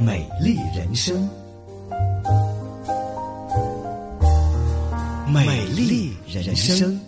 美麗人生，美麗人生。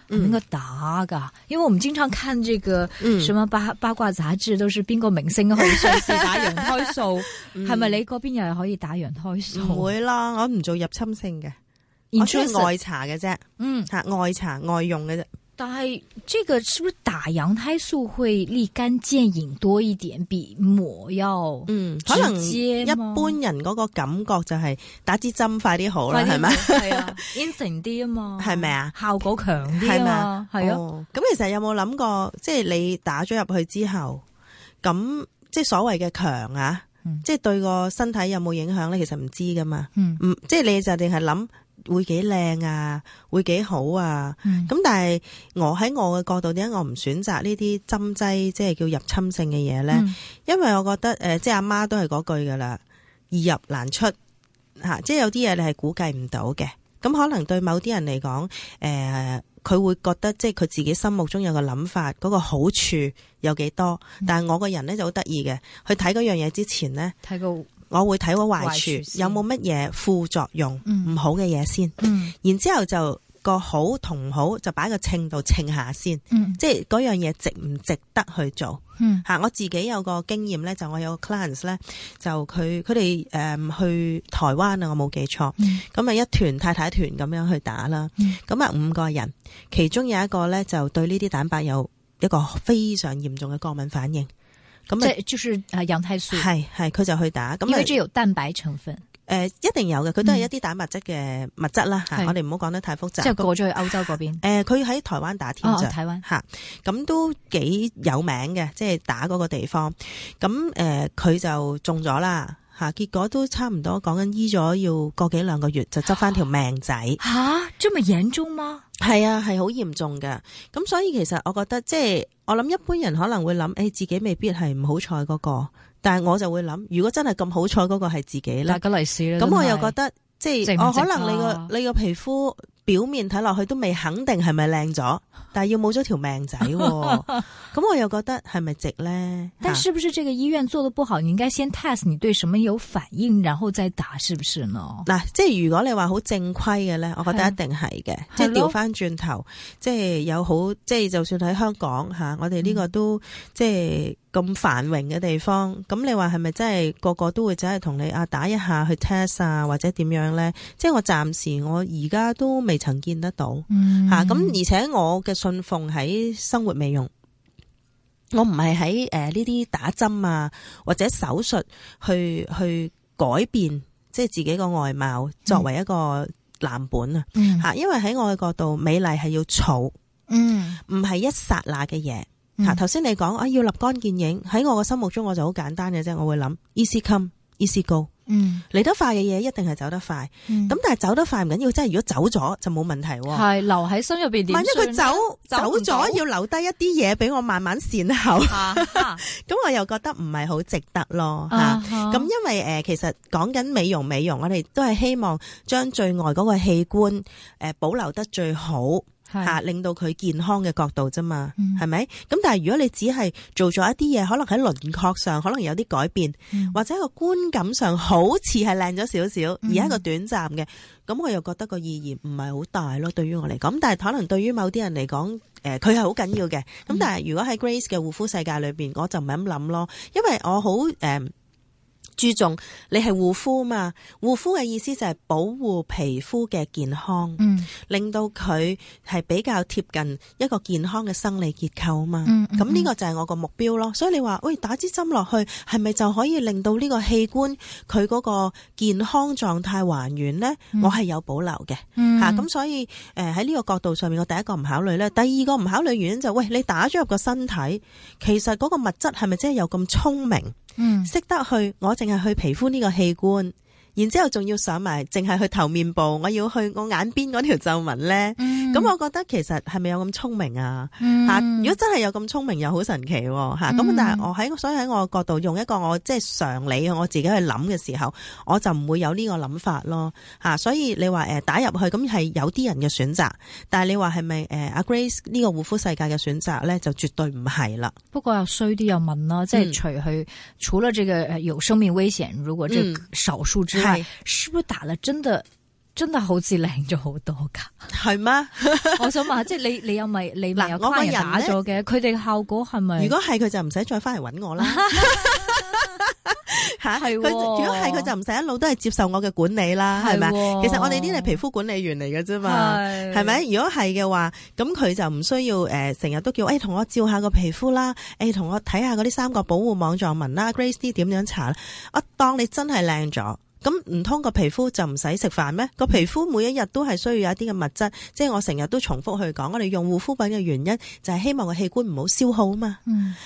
應該打噶？因為我唔經常看這個什麼八八卦雜誌，嗯、都是邊個明星好想試打羊胎素，係咪、 嗯、你嗰邊又係可以打羊胎素？唔會啦，我唔做入侵性嘅，Inter ested? 我專外搽嘅啫，吓、嗯、外搽外用嘅啫。但係，這個是不是打羊胎素會立竿見影多一點，比抹要嗯，直接？可能一般人嗰個感覺就係打支針快啲好啦，係咪？係啊，應承啲啊嘛，係咪啊？效果強啲啊嘛，係啊。咁其實有冇諗過，即係你打咗入去之後，咁即係所謂嘅強啊，即係對個身體有冇影響咧？你其實唔知㗎嘛，嗯，即係你就定係諗。會幾靚啊？會幾好啊？咁、嗯、但係我喺我嘅角度點解我唔選擇呢啲針劑，即係叫入侵性嘅嘢咧？嗯、因為我覺得誒、呃，即係阿媽都係嗰句噶啦，易入難出吓、啊。即係有啲嘢你係估計唔到嘅。咁、啊、可能對某啲人嚟講，誒、呃，佢會覺得即係佢自己心目中有個諗法，嗰、嗰個好處有幾多？嗯、但係我個人咧就好得意嘅，去睇嗰樣嘢之前咧，睇過。我會睇個壞處有冇乜嘢，副作用，唔、嗯、好嘅嘢先，嗯、然之後就個好同唔好就擺個稱度稱下先，嗯、即係嗰樣嘢值唔值得去做。吓、嗯啊，我自己有個經驗呢，就我有個 clients 呢，就佢佢哋誒去台灣啊，我冇記錯，咁啊、嗯、一團太太團咁樣去打啦，咁啊、嗯、五個人，其中有一個呢，就對呢啲蛋白有一個非常嚴重嘅過敏反應。咁即咪就係啊，羊胎素係係，佢就去打。咁因為佢有蛋白成分，誒、呃，一定有嘅，佢都係一啲蛋白質嘅物質啦。吓、嗯啊，我哋唔好講得太複雜。即係過咗去歐洲嗰邊。誒那，佢喺、啊呃、台灣打天着、哦，台灣吓，咁、啊、都幾有名嘅，即、就、係、是、打嗰個地方。咁、啊、誒，佢、呃、就中咗啦。吓、啊，結果都差唔多，講緊醫咗要個幾兩個月就執返條命仔。吓，即麼嚴重嗎？係啊，係好嚴重嘅。咁所以其實我覺得，即、就、係、是、我諗一般人可能會諗，誒、欸，自己未必係唔好彩嗰個。但係我就會諗，如果真係咁好彩嗰個係自己呢，打個利是啦。咁我又覺得，是即係是可能你個你個皮膚。表面睇落去都未肯定係咪靚咗，但係要冇咗條命仔、啊，咁 我又覺得係咪值咧？ 但係是不是這個醫院做得不好？你應該先 test 你對什麼有反應，然後再打，是不是呢？嗱，即係如果你話好正規嘅咧，我覺得一定係嘅。 即係調翻轉頭，即係有好，即係就算喺香港吓、啊，我哋呢個都、嗯、即係。咁繁榮嘅地方，咁你話係咪真係個個都會走去同你啊打一下去 test 啊，或者點樣咧？即係我暫時我而家都未曾見得到，吓咁、嗯啊、而且我嘅信奉喺生活美容，我唔係喺誒呢啲打針啊或者手術去去改變即係自己個外貌作為一個藍本、嗯、啊吓，因為喺我嘅角度，美麗係要儲，嗯，唔係一剎那嘅嘢。啊！頭先你講啊，要立竿見影喺我嘅心目中，我就好簡單嘅啫。我會諗 easy come easy go，嚟得快嘅嘢一定係走得快。咁、嗯、但係走得快唔緊要，即係如果走咗就冇問題。係留喺心入邊點？萬一佢走走咗，要留低一啲嘢俾我慢慢善後。咁、啊、哈 我又覺得唔係好值得咯。吓咁、啊哈啊嗯、因為誒、呃，其實講緊美容美容，我哋都係希望將最外嗰個器官誒、呃、保留得最好。吓，是令到佢健康嘅角度啫嘛，係咪、嗯？咁但係如果你只係做咗一啲嘢，可能喺輪廓上可能有啲改變，嗯、或者個觀感上好似係靚咗少少，而係一個短暫嘅，咁、嗯、我又覺得個意義唔係好大咯。對於我嚟講，但係可能對於某啲人嚟講，誒、呃，佢係好緊要嘅。咁但係如果喺 Grace 嘅護膚世界裏邊，我就唔係咁諗咯，因為我好誒。呃注重你係護膚嘛？護膚嘅意思就係保護皮膚嘅健康，嗯、令到佢係比較貼近一個健康嘅生理結構啊嘛。咁呢、嗯嗯、個就係我個目標咯。所以你話喂，打支針落去，係咪就可以令到呢個器官佢嗰個健康狀態還原咧？我係有保留嘅吓。咁、嗯嗯啊、所以誒喺呢個角度上面，我第一個唔考慮咧，第二個唔考慮原因就喂、喂你打咗入個身體，其實嗰個物質係咪真係有咁聰明？嗯，識得去，我淨係去皮膚呢個器官。然之後仲要上埋，淨係去頭面部，我要去我眼邊嗰條皺紋咧。咁、嗯、我覺得其實係咪有咁聰明啊？嚇、嗯！如果真係有咁聰明又好神奇喎、啊、咁、嗯、但係我喺所以喺我角度用一個我即係常理，我自己去諗嘅時候，我就唔會有呢個諗法咯嚇、啊。所以你話誒、呃、打入去咁係有啲人嘅選擇，但係你話係咪誒阿 Grace 呢個護膚世界嘅選擇咧就絕對唔係啦。不過又衰啲又問啦，即係除去、嗯、除咗呢個有生命危險，如果這手術之，之後。係 Super 啦，真的，真的好似靚咗好多噶，係咩是嗎？ 我想問下，即係你，你有咪你咪有批人打咗嘅？佢哋效果係咪？如果係，佢就唔使再翻嚟搵我啦。吓，佢如果係，佢就唔使一路都係接受我嘅管理啦，係咪、哦？其實我哋啲係皮膚管理員嚟嘅啫嘛，係咪是？如果係嘅話，咁佢就唔需要誒，成、呃、日都叫誒、哎，同我照下個皮膚啦，誒、哎，同我睇下嗰啲三角保護網狀紋啦 Grace 啲點樣查咧？我當你真係靚咗。咁唔通個皮膚就唔使食飯咩？個皮膚每一日都係需要有一啲嘅物質，即係我成日都重複去講，我哋用護膚品嘅原因就係希望個器官唔好消耗啊嘛，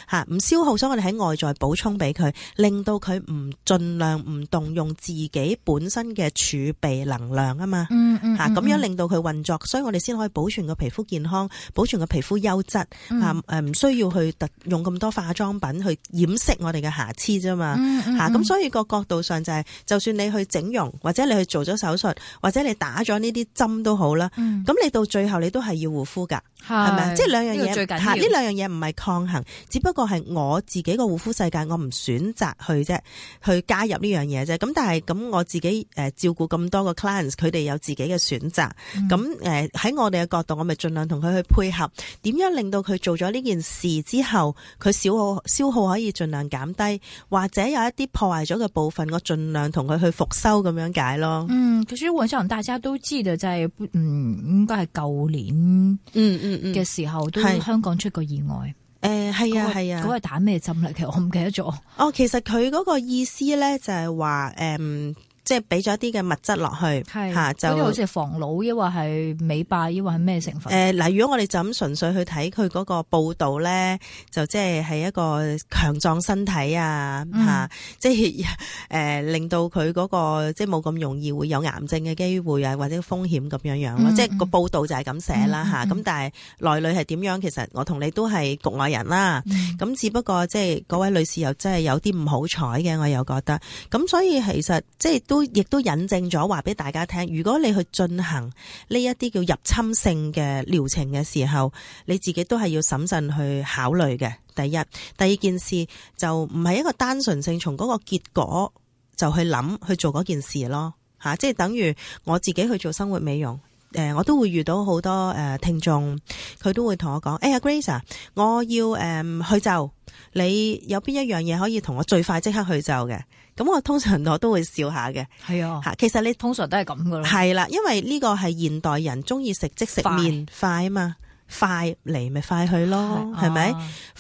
吓唔、嗯、消耗，所以我哋喺外在補充俾佢，令到佢唔盡量唔動用自己本身嘅儲備能量啊嘛，吓咁、嗯嗯嗯、樣令到佢運作，所以我哋先可以保存個皮膚健康，保存個皮膚優質啊，誒唔、嗯嗯嗯、需要去特用咁多化妝品去掩飾我哋嘅瑕疵啫嘛，吓咁、嗯嗯嗯嗯、所以個角度上就係、是、就算你。你去整容，或者你去做咗手術，或者你打咗呢啲針都好啦。咁，嗯，你到最後你都係要護膚噶。係咪？即係兩樣嘢最近。呢兩、啊、樣嘢唔係抗衡，只不過係我自己個護膚世界，我唔選擇去啫，去加入呢樣嘢啫。咁但係咁我自己誒、呃、照顧咁多個 clients，佢哋有自己嘅選擇。咁誒喺我哋嘅角度，我咪盡量同佢去配合，點樣令到佢做咗呢件事之後，佢消耗消耗可以盡量減低，或者有一啲破壞咗嘅部分，我盡量同佢去復修咁樣解咯。嗯，其實我想大家都知道，就係，嗯，應該係舊年，嗯嗯。嗯嘅時候都香港出過意外，誒係啊係啊，嗰個、嗰個打咩針咧？其實我唔記得咗。哦，其實佢嗰個意思咧就係話誒。嗯即係俾咗一啲嘅物質落去，嚇的就好似防老，抑或係美白，抑或係咩成分？誒嗱、呃呃，如果我哋就咁純粹去睇佢嗰個報道咧，就即係係一個強壯身體啊，嚇、嗯啊！即係誒、呃、令到佢嗰、嗰個即係冇咁容易會有癌症嘅機會啊，或者風險咁樣樣咯、啊。嗯嗯即係個報道就係咁寫啦吓，咁、嗯嗯嗯嗯啊、但係內裏係點樣？其實我同你都係局外人啦、啊。咁、嗯、只不過即係嗰位女士又真係有啲唔好彩嘅，我又覺得。咁所以其實即係都。都亦都引證咗話俾大家聽，如果你去進行呢一啲叫入侵性嘅療程嘅時候，你自己都係要審慎去考慮嘅。第一，第二件事就唔係一個單純性從嗰個結果就去諗去做嗰件事咯吓、啊，即係等於我自己去做生活美容，誒、呃，我都會遇到好多誒、呃、聽眾，佢都會同我講，誒、hey，Grace 啊，我要誒、呃、去皺，你有邊一樣嘢可以同我最快即刻去皺嘅？咁我通常我都會笑下嘅，係啊，吓其實你通常都係咁噶啦，係啦，因為呢個係現代人中意食即食麵，快啊嘛，快嚟咪快去咯，係咪？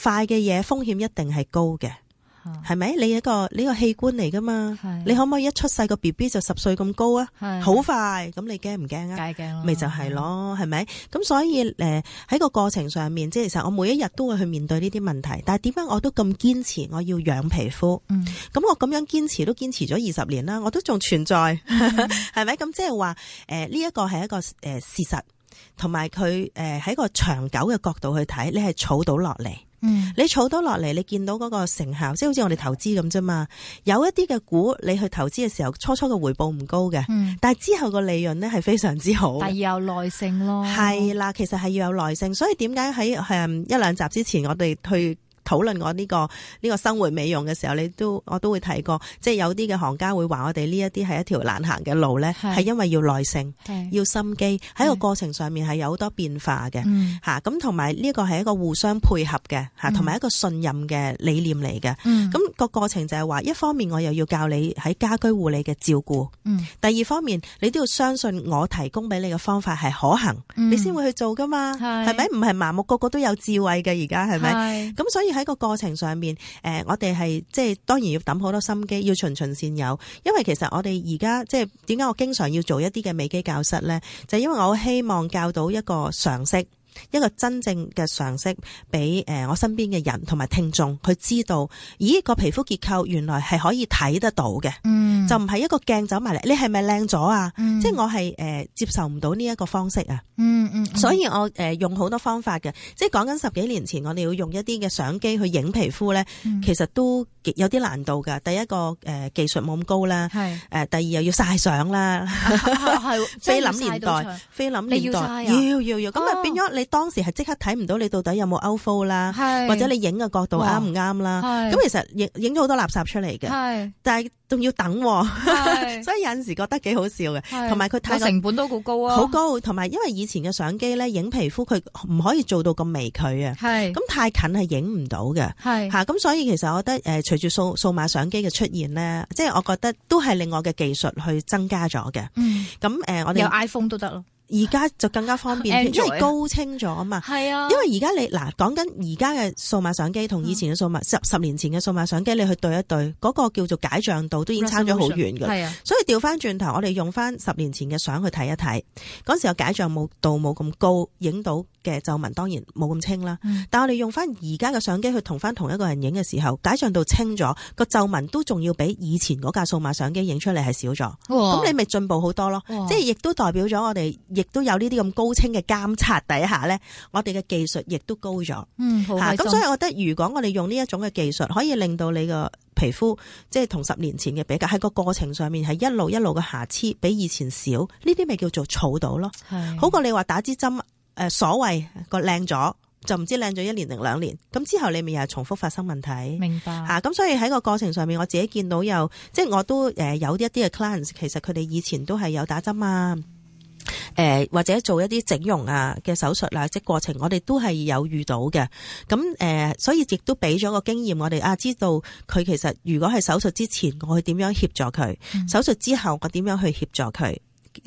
快嘅嘢風險一定係高嘅。係咪？你一個呢個器官嚟噶嘛？是你可唔可以一出世個 B B 就十歲咁高啊？好是快咁，你驚唔驚啊？梗係驚啦，咪就係咯，係咪？咁是所以誒喺個過程上面，即係其實我每一日都會去面對呢啲問題。但係點解我都咁堅持，我要養皮膚？嗯，咁我咁樣堅持都堅持咗二十年啦，我都仲存在，係咪、嗯？咁即係話誒呢一個係一個誒事實，同埋佢誒喺個長久嘅角度去睇，你係儲到落嚟。你儲多落嚟，你見到嗰個成效，即係好似我哋投資咁啫嘛。有一啲嘅股，你去投資嘅時候，初初嘅回報唔高嘅，嗯、但係之後個利潤咧係非常之好。但係要有耐性咯。係啦，其實係要有耐性，所以點解喺誒一兩集之前，我哋去。討論我呢個呢個生活美容嘅時候，你都我都會提過，即係有啲嘅行家會話我哋呢一啲係一條難行嘅路咧，係因為要耐性，要心機，喺個過程上面係有好多變化嘅吓。咁同埋呢一個係一個互相配合嘅吓，同埋一個信任嘅理念嚟嘅。咁個過程就係話，一方面我又要教你喺家居護理嘅照顧，第二方面你都要相信我提供俾你嘅方法係可行，你先會去做㗎嘛，係咪？唔係盲目，個個都有智慧嘅而家，係咪？咁所以。喺個過程上面，誒、呃，我哋係即係當然要抌好多心機，要循循善誘。因為其實我哋而家即係點解我經常要做一啲嘅美基教室咧，就係，因為我好希望教到一個常識。一個真正嘅常識俾誒我身邊嘅人同埋聽眾佢知道，咦，個皮膚結構原來係可以睇得到嘅，嗯、就唔係一個鏡走埋嚟。嗯、你係咪靚咗啊？嗯、即係我係誒、呃、接受唔到呢一個方式啊。嗯嗯，嗯，所以我誒、呃、用好多方法嘅，即係講緊十幾年前我哋要用一啲嘅相機去影皮膚咧，嗯、其實都。有啲難度噶，第一個誒、呃、技術冇咁高啦，誒是、呃、第二又要晒相啦，係菲林年代，菲林年代要要、啊、要，咁咪變咗、哦、你當時係即刻睇唔到你到底有冇 out of focus 啦，或者你影嘅角度啱唔啱啦，咁其實影影咗好多垃圾出嚟嘅，是但係。仲要等、啊，是 所以有陣時覺得幾好笑嘅，同埋佢太成本都好高啊，好高，同埋因為以前嘅相機咧影皮膚佢唔可以做到咁微距啊，咁太近係影唔到嘅，吓咁所以其實我覺得誒隨住數數碼相機嘅出現咧，即係我覺得都係另外嘅技術去增加咗嘅，咁誒、嗯呃、我哋有 iPhone 都得咯。而家就更加方便，Android? 因為高清咗啊嘛。係啊，因為而家你嗱講緊而家嘅數碼相機同以前嘅數碼十十、嗯、年前嘅數碼相機，你去對一對，嗰、那個叫做解像度都已經差咗好遠㗎。係啊，所以調翻轉頭，我哋用翻十年前嘅相去睇一睇，嗰時候解像度冇咁高，影到嘅皺紋當然冇咁清啦。嗯、但係我哋用翻而家嘅相機去同翻同一個人影嘅時候，解像度清咗，個皺紋都仲要比以前嗰架數碼相機影出嚟係少咗。咁哇、嗯、你咪進步好多咯，即係亦都代表咗我哋。亦都有呢啲咁高清嘅監察底下呢，我哋嘅技術亦都高咗。嗯，好。咁、啊、所以我覺得，如果我哋用呢一種嘅技術，可以令到你個皮膚，即係同十年前嘅比較，喺個過程上面係一路一路嘅瑕疵比以前少，呢啲咪叫做儲到咯。是好過你話打支針誒，所謂個靚咗就唔知靚咗一年定兩年，咁之後你咪又係重複發生問題。明白。吓咁、啊，所以喺個過程上面，我自己見到有，即係我都誒有些一啲嘅 clients，其實佢哋以前都係有打針啊。誒，或者做一啲整容啊嘅手術啦，即過程，我哋都係有遇到嘅。咁誒、呃，所以亦都俾咗個經驗，我哋啊知道佢其實如果係手術之前，我去點樣協助佢；嗯、手術之後，我點樣去協助佢。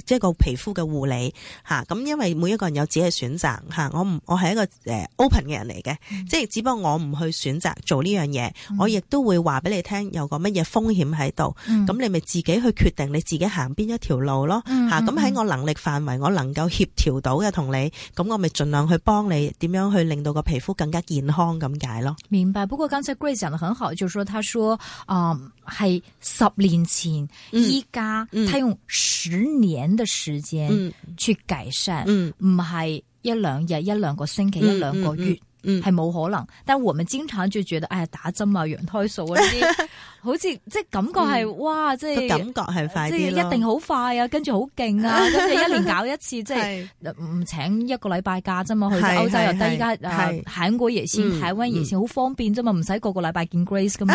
即係個皮膚嘅護理吓，咁因為每一個人有自己嘅選擇吓，我唔我係一個誒 open 嘅人嚟嘅，即係、嗯、只不過我唔去選擇做呢樣嘢，嗯、我亦都會話俾你聽有個乜嘢風險喺度，咁、嗯、你咪自己去決定你自己行邊一條路咯吓，咁喺、嗯嗯啊、我能力範圍我能夠協調到嘅同你，咁我咪盡量去幫你點樣去令到個皮膚更加健康咁解咯。明白。不過剛才 Grace 講得很好，就是、說他說啊、係、呃、十年前依家，他用十年。年的時間去改善，唔係、嗯、一兩日、一兩個星期、一兩個月，係冇、嗯嗯嗯嗯、可能。但我們經常就覺得，哎呀，打針啊、羊胎素啊呢啲。 好似即係感覺係，哇！即係感覺係快啲，一定好快啊，跟住好勁啊，跟住一年搞一次，即係唔請一個禮拜假啫嘛。去到歐洲又得依家啊，行過夜先，台灣夜線好方便啫嘛，唔使個個禮拜見 Grace 噶嘛。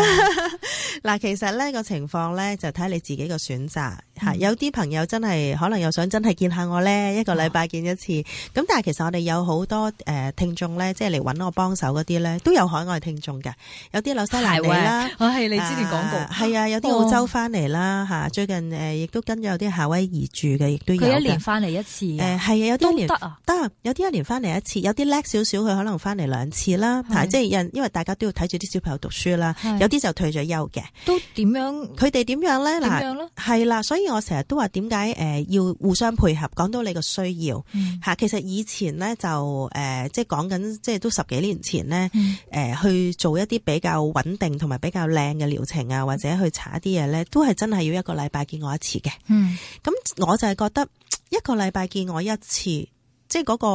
嗱，其實呢個情況咧就睇你自己個選擇吓，有啲朋友真係可能又想真係見下我咧，一個禮拜見一次。咁但係其實我哋有好多誒聽眾咧，即係嚟搵我幫手嗰啲咧，都有海外聽眾嘅，有啲紐西蘭地啦，我係你之前。啊，係啊，有啲澳洲翻嚟啦，吓、啊、最近誒、呃，亦都跟咗有啲夏威夷住嘅，亦都有一年翻嚟一次，誒係、呃、啊，有啲得啊，得、啊，有啲一年翻嚟一次，有啲叻少少，佢可能翻嚟兩次啦，即係因因為大家都要睇住啲小朋友讀書啦，是有啲就退咗休嘅，都點樣？佢哋點樣咧？嗱，點樣咧？係啦、啊，所以我成日都話點解誒要互相配合，講到你個需要吓，嗯、其實以前咧就誒即係講緊，即係都十幾年前咧，誒、呃呃、去做一啲比較穩定同埋比較靚嘅療程。啊，或者去查一啲嘢咧，都係真係要一個禮拜見我一次嘅。嗯，咁我就係覺得一個禮拜見我一次，即係嗰個、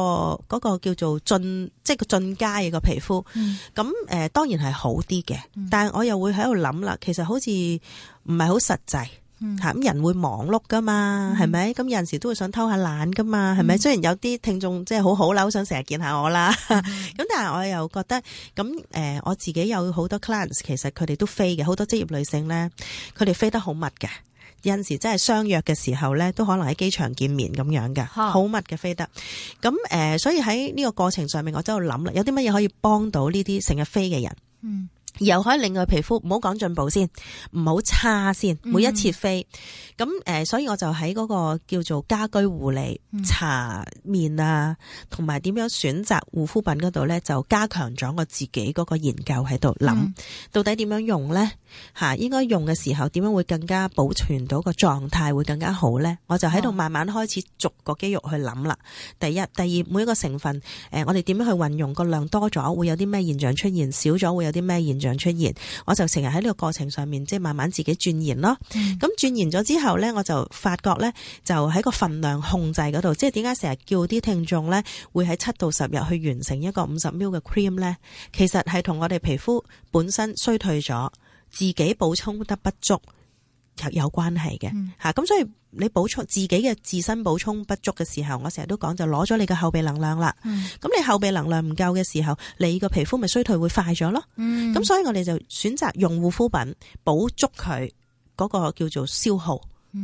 嗰個叫做進，即係個進階嘅皮膚。咁誒、嗯呃，當然係好啲嘅，但係我又會喺度諗啦，其實好似唔係好實際。吓咁、嗯、人會忙碌噶嘛，係咪、嗯？咁有陣時都會想偷下懶噶嘛，係咪？嗯、雖然有啲聽眾即係好好啦，好想成日見下我啦。咁、嗯、 但係我又覺得咁誒、呃，我自己有好多 clients，其實佢哋都飛嘅，好多職業女性咧，佢哋飛得好密嘅。有陣時真係相約嘅時候咧，都可能喺機場見面咁樣嘅，好、嗯、密嘅飛得。咁誒、呃，所以喺呢個過程上面，我真係諗啦，有啲乜嘢可以幫到呢啲成日飛嘅人？嗯。又可以令佢皮膚唔好講進步先，唔好差先。每一次飛咁誒，嗯、所以我就喺嗰個叫做家居護理、搽、嗯、面啊，同埋點樣選擇護膚品嗰度咧，就加強咗我自己嗰個研究喺度諗，嗯、到底點樣用咧吓？應該用嘅時候點樣會更加保存到個狀態會更加好咧？我就喺度慢慢開始逐個肌肉去諗啦。第一、第二，每一個成分誒，我哋點樣去運用個量多咗會有啲咩現象出現，少咗會有啲咩現象？出現，我就成日喺呢個過程上面，即係慢慢自己鑽研咯。咁鑽研咗之後呢，我就發覺呢，就喺個份量控制嗰度，即係點解成日叫啲聽眾呢會喺七到十日去完成一個五十 ml 嘅 cream 呢？其實係同我哋皮膚本身衰退咗，自己補充得不足。有關係嘅吓，咁、嗯、所以你補充自己嘅自身補充不足嘅時候，我成日都講就攞咗你嘅後備能量啦。咁、嗯、你後備能量唔夠嘅時候，你個皮膚咪衰退會快咗咯。咁、嗯、所以我哋就選擇用護膚品補足佢嗰個叫做消耗。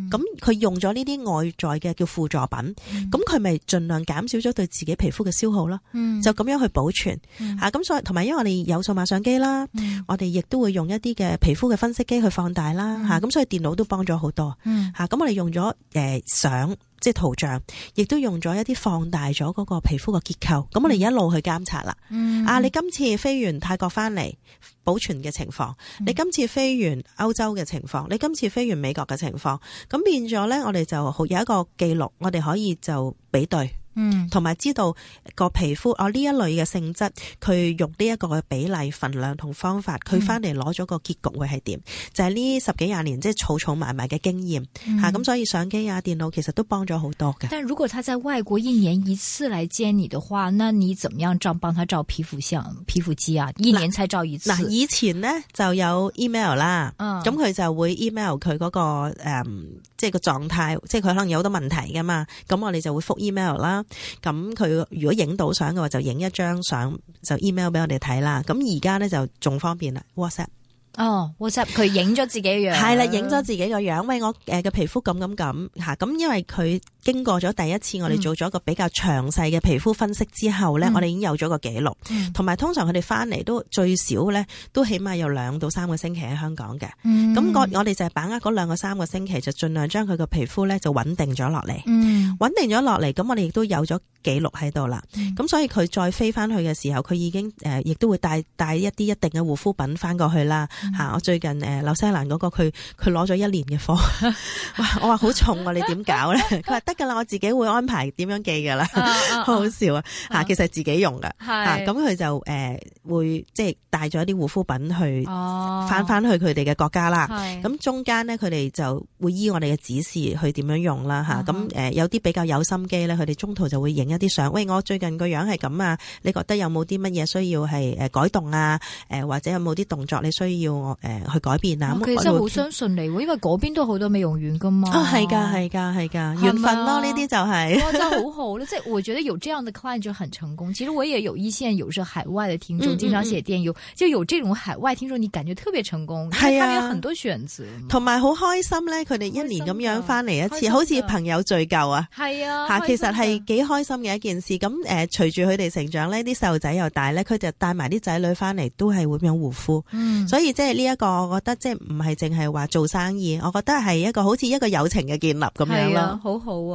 咁佢、嗯、用咗呢啲外在嘅叫輔助品，咁佢咪盡量減少咗對自己皮膚嘅消耗囉，嗯、就咁樣去保存吓。咁所以同埋，因為我哋有數碼相機啦，嗯、我哋亦都會用一啲嘅皮膚嘅分析機去放大啦，吓咁、嗯啊、所以電腦都幫咗好多吓。咁、嗯啊、我哋用咗誒、呃、相。即係圖像，亦都用咗一啲放大咗嗰個皮膚嘅結構。咁、嗯、我哋一路去監察啦。嗯、啊，你今次飛完泰國翻嚟保存嘅情況，嗯、你今次飛完歐洲嘅情況，你今次飛完美國嘅情況，咁變咗咧，我哋就好有一個記錄，我哋可以就比對。嗯，同埋知道個皮膚哦呢一類嘅性質，佢用呢一個嘅比例、份量同方法，佢翻嚟攞咗個結局會係點？嗯、就係呢十幾廿年即係儲儲埋埋嘅經驗吓，咁、嗯啊、所以相機啊、電腦其實都幫咗好多嘅。但如果他在外國一年一次嚟接你嘅話，那你怎麼樣照幫他照皮膚相、皮膚肌啊？一年才照一次。嗱，以前呢就有 email 啦，咁佢、嗯、就會 email 佢嗰、嗰個誒、嗯，即係個狀態，即係佢可能有好多問題噶嘛，咁我哋就會覆 email 啦。咁佢如果影到相嘅話，就影一張相就 email 俾我哋睇啦。咁而家咧就仲方便啦。WhatsApp 哦，WhatsApp 佢影咗自己嘅樣，係啦， 影咗自己個樣。喂，我誒嘅皮膚咁咁咁吓。咁因為佢。經過咗第一次，我哋做咗一個比較詳細嘅皮膚分析之後咧，我哋已經有咗個記錄，同埋通常佢哋翻嚟，都最少咧，都起碼有兩到三個星期喺香港嘅。咁我哋就係把握嗰兩個三個星期，就盡量將佢個皮膚咧就穩定咗落嚟，穩定咗落嚟。咁我哋亦都有咗記錄喺度啦。咁所以佢再飛翻去嘅時候，佢已經誒，亦都會帶帶一啲一定嘅護膚品翻過去啦。吓，我最近誒，紐西蘭嗰個佢佢攞咗一年嘅貨，哇！我話好重啊，你點搞咧？佢話得。噶啦，我自己會安排點樣寄噶啦，好好、uh, uh, uh, 笑啊！吓，其實自己用噶，係咁佢就誒會即係帶咗啲護膚品去翻翻去佢哋嘅國家啦。咁、uh, uh, 中間咧，佢哋就會依我哋嘅指示去點樣用啦。吓、uh, uh, 啊，咁誒有啲比較有心機咧，佢哋中途就會影一啲相。喂，我最近個樣係咁啊？你覺得有冇啲乜嘢需要係誒改動啊？誒或者有冇啲動作你需要我誒去改變啊？我其實真係好相信你，因為嗰邊都好多美容院噶嘛。啊、哦，係噶係噶係噶呢啲、啊、就係、是啊、好好即係我覺得有這樣的 client 就很成功。其實我也有一線，有是海外嘅聽眾，經常寫電郵，嗯嗯、就有這種海外聽眾，你感覺特別成功，係啊，有很多選擇，同埋好開心咧。佢哋一年咁樣翻嚟一次，好似朋友聚舊啊，係啊，吓其實係幾開心嘅一件事。咁誒，隨住佢哋成長咧，啲細路仔又大咧，佢就帶埋啲仔女翻嚟，都係會樣護膚。嗯，所以即係呢一個，我覺得即係唔係淨係話做生意，我覺得係一個好似一個友情嘅建立咁樣咯、嗯啊，好好啊。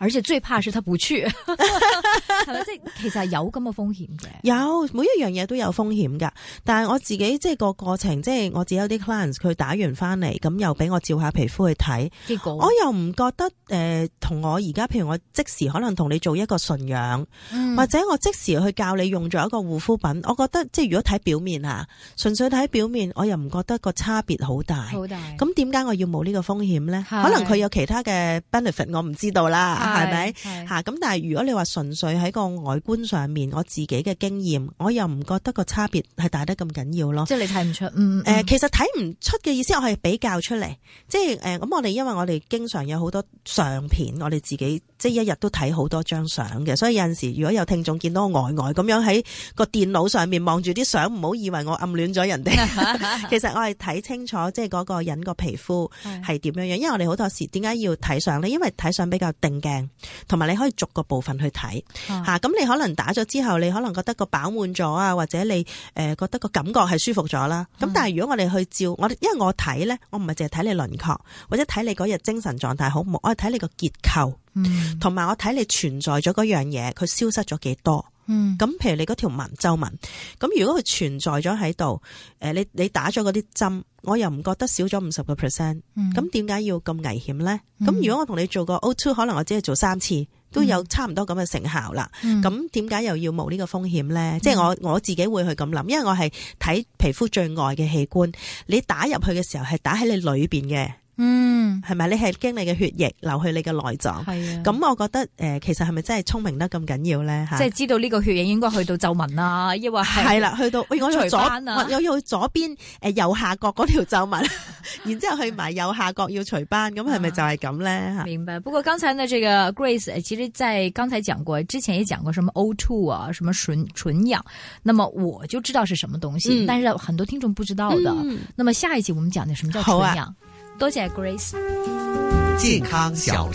而且最怕是佢不去，即 其實有咁嘅風險嘅。有每一樣嘢都有風險㗎，但係我自己即係個過程，即、就、係、是、我自己有啲 clients，佢打完翻嚟咁又俾我照下皮膚去睇。結果構我又唔覺得誒，同、呃、我而家譬如我即時可能同你做一個純養，嗯、或者我即時去教你用咗一個護膚品，我覺得即係如果睇表面吓，純粹睇表面，我又唔覺得個差別好大。好大。咁點解我要冇呢個風險咧？是可能佢有其他嘅 benefit，我唔知道啦。係咪吓？咁但係如果你話純粹喺個外觀上面，我自己嘅經驗，我又唔覺得個差別係大得咁緊要咯。即係你睇唔出。嗯誒、嗯呃，其實睇唔出嘅意思，我係比較出嚟。即係誒、咁、呃、我哋因為我哋經常有好多相片，我哋自己。即係一日都睇好多張相嘅，所以有陣時，如果有聽眾見到我呆呆咁樣喺個電腦上面望住啲相，唔好以為我暗戀咗人哋。 其實我係睇清楚，即係嗰個人個皮膚係點樣樣。因為我哋好多時點解要睇相呢？因為睇相比較定鏡，同埋你可以逐個部分去睇吓。咁、嗯啊、你可能打咗之後，你可能覺得個飽滿咗啊，或者你誒、呃、覺得個感覺係舒服咗啦。咁但係如果我哋去照我，因為我睇咧，我唔係淨係睇你輪廓，或者睇你嗰日精神狀態好冇，我係睇你個結構。同埋、嗯、我睇你存在咗嗰樣嘢，佢消失咗幾多？嗯，咁譬如你嗰條紋皺紋，咁如果佢存在咗喺度，誒、呃，你你打咗嗰啲針，我又唔覺得少咗五十個 percent，咁點解要咁危險呢？咁、嗯、如果我同你做個 O2，可能我只係做三次，都有差唔多咁嘅成效啦。咁點解又要冒呢個風險呢？即係、嗯、我我自己會去咁諗，因為我係睇皮膚最外嘅器官，你打入去嘅時候係打喺你裏邊嘅。嗯，係咪你係經你嘅血液流去你嘅內臟？係啊，咁我覺得誒，其實係咪真係聰明得咁緊要咧？吓，即係知道呢個血液應該去到皺紋啊，亦或係係啦，去到我除咗，又要去咗邊誒右下角嗰條皺紋，然之後去埋右下角要除斑，咁係咪就係咁咧？吓，明白。不過剛才呢，這個 Grace，其實在剛才講過，之前也講過什麼 O2 啊，什麼純純氧。那麼我就知道是什麼東西，但是很多聽眾不知道的。那麼下一期我們講的什麼叫純氧？多謝 Grace。健康小